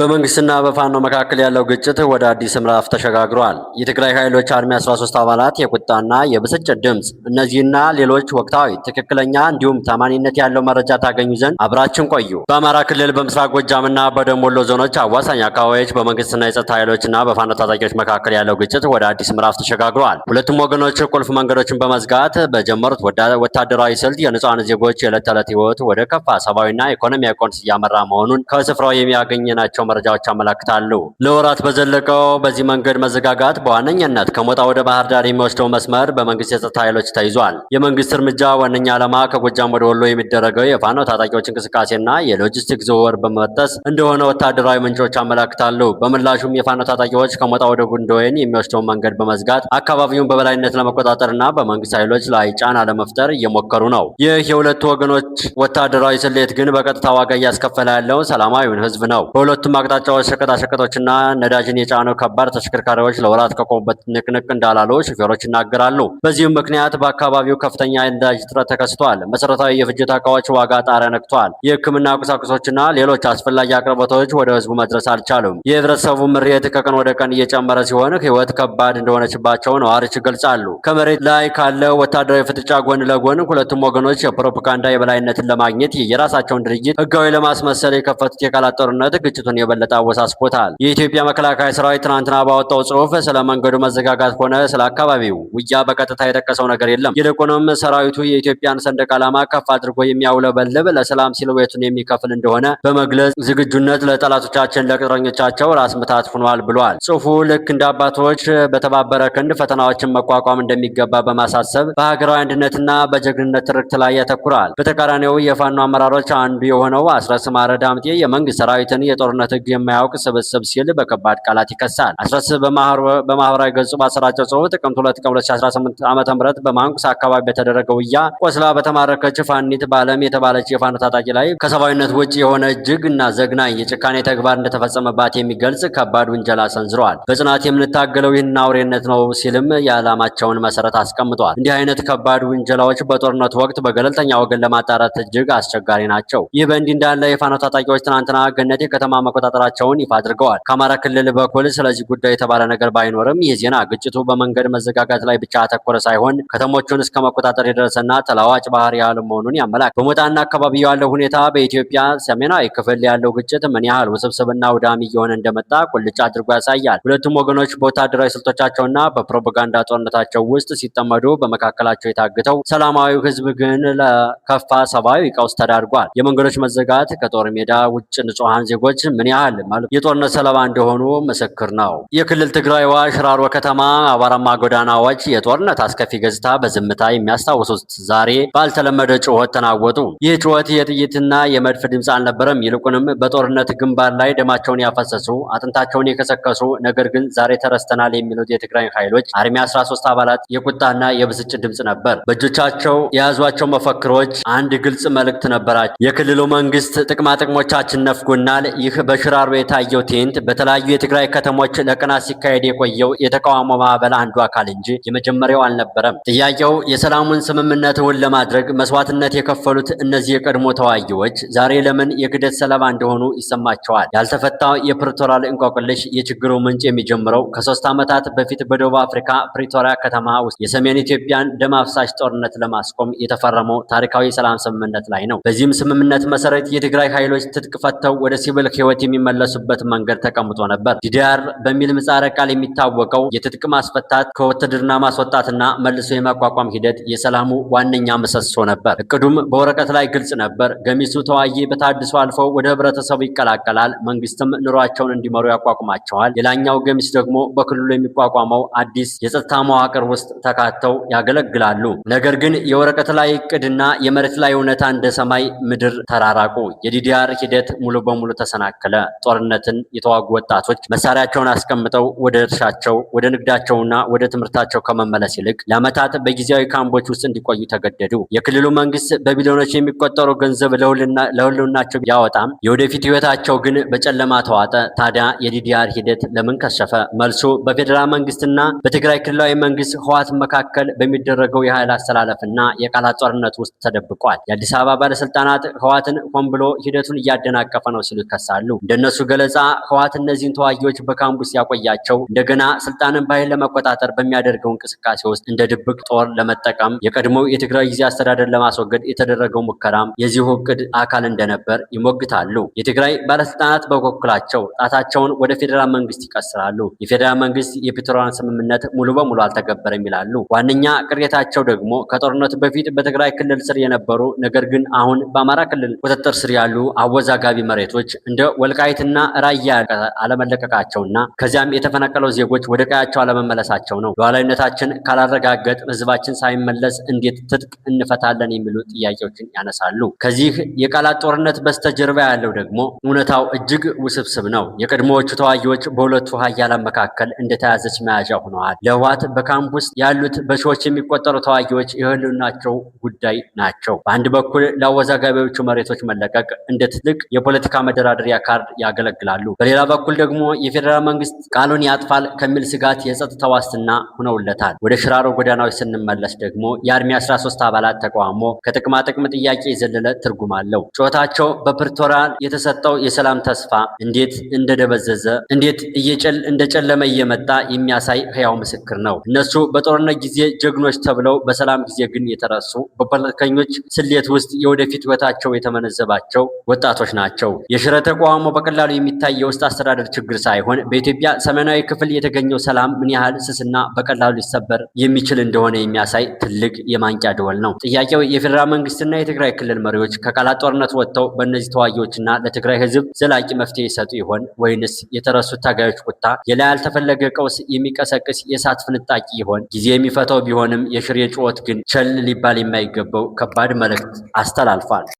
በመንግስትና በፋኖ መካከል ያለው ግጭት ወደ አዲስ ምዕራፍ ተሸጋግሯል። የትግራይ ኃይሎች አርሚ 13 አባላት የቁጣና የብስጭት ድምፅ። እነዚህና ሌሎች ወቅታዊ ትክክለኛ እንዲሁም ታማኒነት ያለው መረጃ ታገኙ ዘንድ አብራችን ቆዩ። በአማራ ክልል በምስራቅ ጎጃምና በደቡብ ወሎ ዞኖች አዋሳኝ አካባቢዎች በመንግስትና የጸጥታ ኃይሎችና በፋኖ ታጣቂዎች መካከል ያለው ግጭት ወደ አዲስ ምዕራፍ ተሸጋግሯል። ሁለቱም ወገኖች ቁልፍ መንገዶችን በመዝጋት በጀመሩት ወታደራዊ ስልት የንጹሐን ዜጎች የዕለት ተዕለት ህይወት ወደ ከፋ ሰብአዊና ኢኮኖሚያዊ ቀውስ እያመራ መሆኑን ከስፍራው ናቸው። ያገኘናቸው መረጃዎች አመላክታሉ። ለወራት በዘለቀው በዚህ መንገድ መዘጋጋት በዋነኛነት ከሞጣ ወደ ባህር ዳር የሚወስደው መስመር በመንግስት የጸጥታ ኃይሎች ተይዟል። የመንግስት እርምጃ ዋነኛ ዓላማ ከጎጃም ወደ ወሎ የሚደረገው የፋኖ ታጣቂዎች እንቅስቃሴና የሎጂስቲክ ዝውውር በመበጠስ እንደሆነ ወታደራዊ ምንጮች አመላክታሉ። በምላሹም የፋኖ ታጣቂዎች ከሞጣ ወደ ጉንደወይን የሚወስደውን መንገድ በመዝጋት አካባቢውን በበላይነት ለመቆጣጠርና በመንግስት ኃይሎች ላይ ጫና ለመፍጠር እየሞከሩ ነው። ይህ የሁለቱ ወገኖች ወታደራዊ ስሌት ግን በቀጥታ ዋጋ እያስከፈለ ያለውን ሰላማዊውን ህዝብ ነው። በሁለቱም በሁለቱም አቅጣጫዎች ሸቀጣሸቀጦችና ነዳጅን የጫኑ ከባድ ተሽከርካሪዎች ለወራት ከቆሙበት ንቅንቅ እንዳላሉ ሾፌሮች ይናገራሉ። በዚህም ምክንያት በአካባቢው ከፍተኛ የነዳጅ እጥረት ተከስቷል። መሰረታዊ የፍጆታ እቃዎች ዋጋ ጣሪያ ነክቷል። የህክምና ቁሳቁሶችና ሌሎች አስፈላጊ አቅርቦቶች ወደ ህዝቡ መድረስ አልቻሉም። የህብረተሰቡ ምሬት ከቀን ወደ ቀን እየጨመረ ሲሆን ህይወት ከባድ እንደሆነችባቸው ነዋሪዎች ይገልጻሉ። ከመሬት ላይ ካለ ወታደራዊ ፍጥጫ ጎን ለጎን ሁለቱም ወገኖች የፕሮፓጋንዳ የበላይነትን ለማግኘት የራሳቸውን ድርጅት ህጋዊ ለማስመሰል የከፈቱት የቃላት ጦርነት ግጭቱን የበለጠ አወሳስቦታል። የኢትዮጵያ መከላከያ ሰራዊት ትናንትና ባወጣው ጽሁፍ ስለ መንገዱ መዘጋጋት ሆነ ስለ አካባቢው ውጊያ በቀጥታ የጠቀሰው ነገር የለም። ይልቁንም ሰራዊቱ የኢትዮጵያን ሰንደቅ ዓላማ ከፍ አድርጎ የሚያውለበልብ ለሰላም ሲል ቤቱን የሚከፍል እንደሆነ በመግለጽ ዝግጁነት ለጠላቶቻችን ለቅጥረኞቻቸው ራስ ምታት ሆኗል ብሏል። ጽሁፉ ልክ እንደ አባቶች በተባበረ ክንድ ፈተናዎችን መቋቋም እንደሚገባ በማሳሰብ በሀገራዊ አንድነትና በጀግንነት ትርክት ላይ ያተኩራል። በተቃራኒው የፋኖ አመራሮች አንዱ የሆነው አስረስ ማረ ዳምጤ የመንግስት ሰራዊትን የጦርነት ህግ የማያውቅ ስብስብ ሲል በከባድ ቃላት ይከሳል። አስረስ በማህበራዊ ገጹ ባሰራጨው ጽሑፍ ጥቅምት 2 ቀን 2018 ዓ ም በማንቁስ አካባቢ በተደረገ ውያ ቆስላ በተማረከች ፋኒት በዓለም የተባለች የፋኖ ታጣቂ ላይ ከሰብአዊነት ውጭ የሆነ እጅግ እና ዘግናኝ የጭካኔ ተግባር እንደተፈጸመባት የሚገልጽ ከባድ ውንጀላ ሰንዝረዋል። በጽናት የምንታገለው ይህን አውሬነት ነው ሲልም የዓላማቸውን መሰረት አስቀምጧል። እንዲህ አይነት ከባድ ውንጀላዎች በጦርነት ወቅት በገለልተኛ ወገን ለማጣራት እጅግ አስቸጋሪ ናቸው። ይህ በእንዲህ እንዳለ የፋኖ ታጣቂዎች ትናንትና ገነቴ ከተማ መኮ መቆጣጠራቸውን ይፋ አድርገዋል። ከአማራ ክልል በኩል ስለዚህ ጉዳይ የተባለ ነገር ባይኖርም ይህ ዜና ግጭቱ በመንገድ መዘጋጋት ላይ ብቻ ያተኮረ ሳይሆን ከተሞቹን እስከ መቆጣጠር የደረሰና ተለዋጭ ባህሪ ያህል መሆኑን ያመላክ በሞጣና አካባቢ ያለው ሁኔታ በኢትዮጵያ ሰሜናዊ ክፍል ያለው ግጭት ምን ያህል ውስብስብና ውዳሚ እየሆነ እንደመጣ ቁልጭ አድርጎ ያሳያል። ሁለቱም ወገኖች በወታደራዊ ስልቶቻቸውና በፕሮፓጋንዳ ጦርነታቸው ውስጥ ሲጠመዱ በመካከላቸው የታግተው ሰላማዊ ሕዝብ ግን ለከፋ ሰብአዊ ቀውስ ተዳርጓል። የመንገዶች መዘጋት ከጦር ሜዳ ውጭ ንጹሐን ዜጎች ምን ያህል የጦርነት ሰለባ እንደሆኑ ምስክር ነው። የክልል ትግራይዋ ሽራሮ ከተማ አቧራማ ጎዳናዎች የጦርነት አስከፊ ገጽታ በዝምታ የሚያስታውሱት ዛሬ ባልተለመደ ጩኸት ተናወጡ። ይህ ጩኸት የጥይትና የመድፍ ድምፅ አልነበረም። ይልቁንም በጦርነት ግንባር ላይ ደማቸውን ያፈሰሱ አጥንታቸውን የከሰከሱ ነገር ግን ዛሬ ተረስተናል የሚሉት የትግራይ ኃይሎች አርሚ 13 አባላት የቁጣና የብስጭት ድምፅ ነበር። በእጆቻቸው የያዟቸው መፈክሮች አንድ ግልጽ መልእክት ነበራቸው። የክልሉ መንግስት ጥቅማጥቅሞቻችን ነፍጎናል፣ ይህ በ በሽራሮ የታየው ትዕይንት በተለያዩ የትግራይ ከተሞች ለቀናት ሲካሄድ የቆየው የተቃውሞ ማዕበል አንዱ አካል እንጂ የመጀመሪያው አልነበረም። ጥያቄው የሰላሙን ስምምነት እውን ለማድረግ መስዋዕትነት የከፈሉት እነዚህ የቀድሞ ተዋጊዎች ዛሬ ለምን የክደት ሰለባ እንደሆኑ ይሰማቸዋል? ያልተፈታው የፕሪቶሪያል እንቆቅልሽ የችግሩ ምንጭ የሚጀምረው ከሶስት ዓመታት በፊት በደቡብ አፍሪካ ፕሪቶሪያ ከተማ ውስጥ የሰሜን ኢትዮጵያን ደም አፍሳሽ ጦርነት ለማስቆም የተፈረመው ታሪካዊ የሰላም ስምምነት ላይ ነው። በዚህም ስምምነት መሰረት የትግራይ ኃይሎች ትጥቅ ፈተው ወደ ሲቪል ህይወት የሚመለሱበት መንገድ ተቀምጦ ነበር። ዲዲአር በሚል ምጻረ ቃል የሚታወቀው የትጥቅ ማስፈታት ከውትድርና ማስወጣትና መልሶ የማቋቋም ሂደት የሰላሙ ዋነኛ ምሰሶ ነበር። እቅዱም በወረቀት ላይ ግልጽ ነበር። ገሚሱ ተዋጊ በታድሶ አልፈው ወደ ህብረተሰቡ ይቀላቀላል፣ መንግስትም ኑሯቸውን እንዲመሩ ያቋቁማቸዋል። ሌላኛው ገሚስ ደግሞ በክልሉ የሚቋቋመው አዲስ የጸጥታ መዋቅር ውስጥ ተካተው ያገለግላሉ። ነገር ግን የወረቀት ላይ እቅድና የመሬት ላይ እውነታ እንደ ሰማይ ምድር ተራራቁ። የዲዲአር ሂደት ሙሉ በሙሉ ተሰናከለ። አለ። ጦርነትን የተዋጉ ወጣቶች መሳሪያቸውን አስቀምጠው ወደ እርሻቸው፣ ወደ ንግዳቸውና ወደ ትምህርታቸው ከመመለስ ይልቅ ለዓመታት በጊዜያዊ ካምቦች ውስጥ እንዲቆዩ ተገደዱ። የክልሉ መንግስት በቢሊዮኖች የሚቆጠሩ ገንዘብ ለሁሉናቸው ያወጣም የወደፊት ህይወታቸው ግን በጨለማ ተዋጠ። ታዲያ የዲዲአር ሂደት ለምን ከሸፈ? መልሱ በፌዴራል መንግስትና በትግራይ ክልላዊ መንግስት ህዋት መካከል በሚደረገው የኃይል አሰላለፍና የቃላት ጦርነት ውስጥ ተደብቋል። የአዲስ አበባ ባለስልጣናት ህዋትን ሆን ብሎ ሂደቱን እያደናቀፈ ነው ሲሉ ይከሳሉ። እንደነሱ ገለጻ ህወሓት እነዚህን ተዋጊዎች በካምቡስ ያቆያቸው እንደገና ስልጣንን በኃይል ለመቆጣጠር በሚያደርገው እንቅስቃሴ ውስጥ እንደ ድብቅ ጦር ለመጠቀም የቀድሞው የትግራይ ጊዜ አስተዳደር ለማስወገድ የተደረገው ሙከራም የዚሁ እቅድ አካል እንደነበር ይሞግታሉ። የትግራይ ባለስልጣናት በበኩላቸው ጣታቸውን ወደ ፌዴራል መንግስት ይቀስራሉ። የፌዴራል መንግስት የፕሪቶሪያን ስምምነት ሙሉ በሙሉ አልተገበረም ይላሉ። ዋነኛ ቅሬታቸው ደግሞ ከጦርነቱ በፊት በትግራይ ክልል ስር የነበሩ ነገር ግን አሁን በአማራ ክልል ቁጥጥር ስር ያሉ አወዛጋቢ መሬቶች እንደ ወልቃይትና ራያ አለመለቀቃቸውና ከዚያም የተፈናቀለው ዜጎች ወደ ቀያቸው አለመመለሳቸው ነው። ሉዓላዊነታችን ካላረጋገጥ ህዝባችን ሳይመለስ እንዴት ትጥቅ እንፈታለን የሚሉ ጥያቄዎችን ያነሳሉ። ከዚህ የቃላት ጦርነት በስተጀርባ ያለው ደግሞ እውነታው እጅግ ውስብስብ ነው። የቀድሞዎቹ ተዋጊዎች በሁለቱ ሀያላን መካከል እንደተያዘች መያዣ ሆነዋል። ለህወሓት በካምፕ ውስጥ ያሉት በሺዎች የሚቆጠሩ ተዋጊዎች የህልውናቸው ጉዳይ ናቸው። በአንድ በኩል ለአወዛጋቢዎቹ መሬቶች መለቀቅ እንደ ትልቅ የፖለቲካ መደራደሪያ ካር ካርድ ያገለግላሉ። በሌላ በኩል ደግሞ የፌዴራል መንግስት ቃሉን ያጥፋል ከሚል ስጋት የጸጥታ ዋስትና ሆነውለታል። ወደ ሽራሮ ጎዳናዎች ስንመለስ ደግሞ የአርሚ 13 አባላት ተቋሞ ከጥቅማ ጥቅም ጥያቄ የዘለለ ትርጉም አለው። ጩኸታቸው በፕሪቶሪያ የተሰጠው የሰላም ተስፋ እንዴት እንደደበዘዘ እንዴት እየጨል እንደጨለመ እየመጣ የሚያሳይ ህያው ምስክር ነው። እነሱ በጦርነት ጊዜ ጀግኖች ተብለው በሰላም ጊዜ ግን የተረሱ በፖለቲከኞች ስሌት ውስጥ የወደፊት ህይወታቸው የተመነዘባቸው ወጣቶች ናቸው። የሽረ ተቃውሞ በቀላሉ የሚታይ የውስጥ አስተዳደር ችግር ሳይሆን በኢትዮጵያ ሰሜናዊ ክፍል የተገኘው ሰላም ምን ያህል ስስና በቀላሉ ሊሰበር የሚችል እንደሆነ የሚያሳይ ትልቅ የማንቂያ ደወል ነው። ጥያቄው የፌዴራል መንግስትና የትግራይ ክልል መሪዎች ከቃላት ጦርነት ወጥተው በእነዚህ ተዋጊዎችና ለትግራይ ህዝብ ዘላቂ መፍትሄ ይሰጡ ይሆን ወይንስ የተረሱት ታጋዮች ቁጣ የላይ ያልተፈለገ ቀውስ የሚቀሰቅስ የእሳት ፍንጣቂ ይሆን? ጊዜ የሚፈታው ቢሆንም የሽሬ ጩኸት ግን ቸል ሊባል የማይገባው ከባድ መልእክት አስተላልፏል።